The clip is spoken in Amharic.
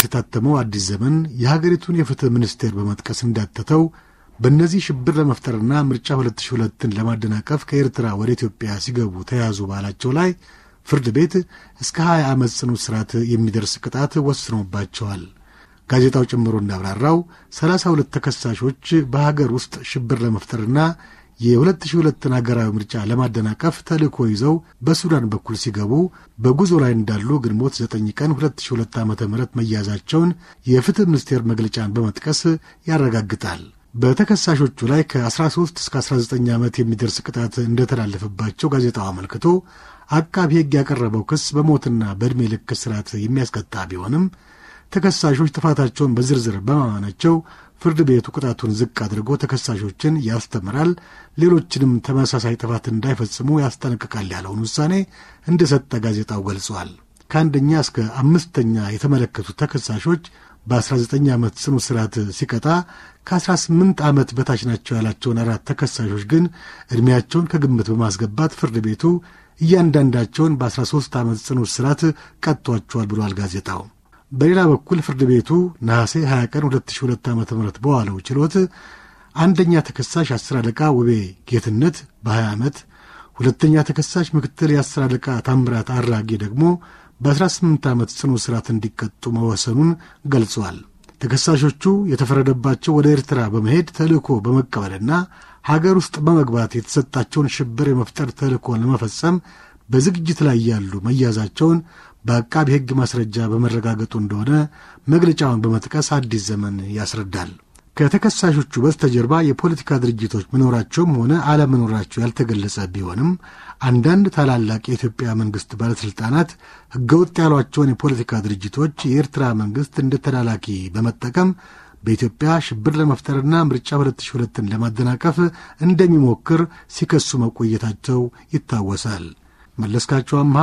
የተታተመው አዲስ ዘመን የሀገሪቱን የፍትህ ሚኒስቴር በመጥቀስ እንዳተተው በእነዚህ ሽብር ለመፍጠርና ምርጫ 2002ን ለማደናቀፍ ከኤርትራ ወደ ኢትዮጵያ ሲገቡ ተያዙ ባላቸው ላይ ፍርድ ቤት እስከ 20 ዓመት ጽኑ እስራት የሚደርስ ቅጣት ወስኖባቸዋል። ጋዜጣው ጨምሮ እንዳብራራው 32 ተከሳሾች በሀገር ውስጥ ሽብር ለመፍጠርና የ2002 ሀገራዊ ምርጫ ለማደናቀፍ ተልእኮ ይዘው በሱዳን በኩል ሲገቡ በጉዞ ላይ እንዳሉ ግንቦት 9 ቀን 2002 ዓ ም መያዛቸውን የፍትሕ ሚኒስቴር መግለጫን በመጥቀስ ያረጋግጣል። በተከሳሾቹ ላይ ከ13 እስከ 19 ዓመት የሚደርስ ቅጣት እንደተላለፈባቸው ጋዜጣው አመልክቶ አቃቢ ሕግ ያቀረበው ክስ በሞትና በዕድሜ ልክ እስራት የሚያስቀጣ ቢሆንም ተከሳሾች ጥፋታቸውን በዝርዝር በማመናቸው ፍርድ ቤቱ ቅጣቱን ዝቅ አድርጎ ተከሳሾችን ያስተምራል፣ ሌሎችንም ተመሳሳይ ጥፋት እንዳይፈጽሙ ያስጠነቅቃል ያለውን ውሳኔ እንደሰጠ ጋዜጣው ገልጿል። ከአንደኛ እስከ አምስተኛ የተመለከቱት ተከሳሾች በ19 ዓመት ጽኑ እስራት ሲቀጣ ከ18 ዓመት በታች ናቸው ያላቸውን አራት ተከሳሾች ግን ዕድሜያቸውን ከግምት በማስገባት ፍርድ ቤቱ እያንዳንዳቸውን በ13 ዓመት ጽኑ እስራት ቀጥቷቸዋል ብሏል ጋዜጣው። በሌላ በኩል ፍርድ ቤቱ ነሐሴ 20 ቀን 2002 ዓ ም በዋለው ችሎት አንደኛ ተከሳሽ አስር አለቃ ውቤ ጌትነት በ20 ዓመት፣ ሁለተኛ ተከሳሽ ምክትል የአስር አለቃ ታምራት አራጌ ደግሞ በ18 ዓመት ጽኑ እስራት እንዲቀጡ መወሰኑን ገልጿል። ተከሳሾቹ የተፈረደባቸው ወደ ኤርትራ በመሄድ ተልእኮ በመቀበልና ሀገር ውስጥ በመግባት የተሰጣቸውን ሽብር የመፍጠር ተልእኮን ለመፈጸም በዝግጅት ላይ ያሉ መያዛቸውን በአቃቢ ሕግ ማስረጃ በመረጋገጡ እንደሆነ መግለጫውን በመጥቀስ አዲስ ዘመን ያስረዳል። ከተከሳሾቹ በስተጀርባ የፖለቲካ ድርጅቶች መኖራቸውም ሆነ አለመኖራቸው ያልተገለጸ ቢሆንም አንዳንድ ታላላቅ የኢትዮጵያ መንግሥት ባለሥልጣናት ሕገወጥ ያሏቸውን የፖለቲካ ድርጅቶች የኤርትራ መንግሥት እንደ ተላላኪ በመጠቀም በኢትዮጵያ ሽብር ለመፍጠርና ምርጫ 2002ን ለማደናቀፍ እንደሚሞክር ሲከሱ መቆየታቸው ይታወሳል። መለስካቸው አምሃ